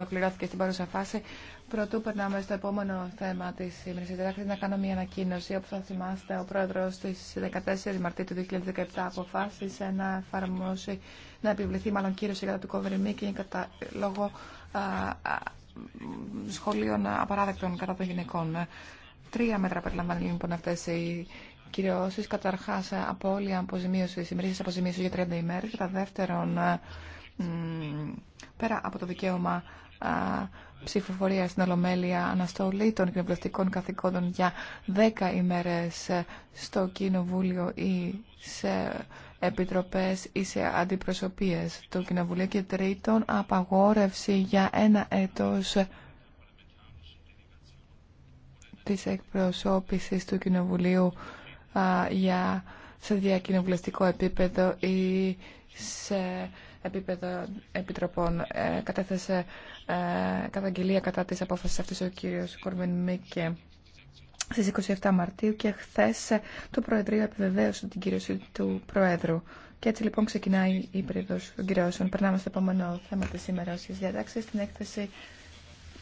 ολοκληρώθηκε στην παρούσα φάση. Πρωτού περνάμε στο επόμενο θέμα τη σήμερα. Συντάξτε να κάνω μια ανακοίνωση. Όπω θα θυμάστε, ο πρόεδρο τη 14 Μαρτίου του 2017 αποφάσισε να εφαρμόσει, να επιβληθεί μάλλον κύριο κατά του Κοβριμί και κατά, λόγω α, α, σχολείων απαράδεκτων κατά των γυναικών. Τρία μέτρα περιλαμβάνει λοιπόν αυτέ οι κυριώσει. Καταρχά, απώλεια αποζημίωση, ημερήσει αποζημίωση για 30 ημέρε. Κατά δεύτερον, πέρα από το δικαίωμα ψηφοφορία στην Ολομέλεια αναστολή των κοινοβουλευτικών καθηκόντων για 10 ημέρες ε, στο Κοινοβούλιο ή σε επιτροπές ή σε αντιπροσωπείες του Κοινοβουλίου και τρίτον απαγόρευση για ένα έτος της εκπροσώπησης του Κοινοβουλίου για, σε διακοινοβουλευτικό επίπεδο ή σε επίπεδο επιτροπών ε, κατέθεσε ε, καταγγελία κατά της απόφασης αυτής ο κύριος Κορμεν Μίκε στις 27 Μαρτίου και χθε το Προεδρείο επιβεβαίωσε την κύριοση του Προέδρου. Και έτσι λοιπόν ξεκινάει η περίοδο των κυρώσεων. Περνάμε στο επόμενο θέμα τη τη διάταξη, την έκθεση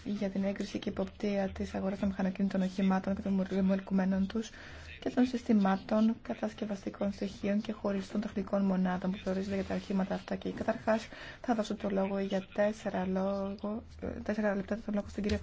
για την έγκριση και υποπτία τη αγορά των μηχανοκίνητων οχημάτων και των μολυκουμένων του και των συστημάτων κατασκευαστικών στοιχείων και χωριστών τεχνικών μονάδων που θεωρίζονται για τα αρχήματα αυτά. Και καταρχάς θα δώσω το λόγο για τέσσερα, λόγο, τέσσερα λεπτά το λόγο στον κύριο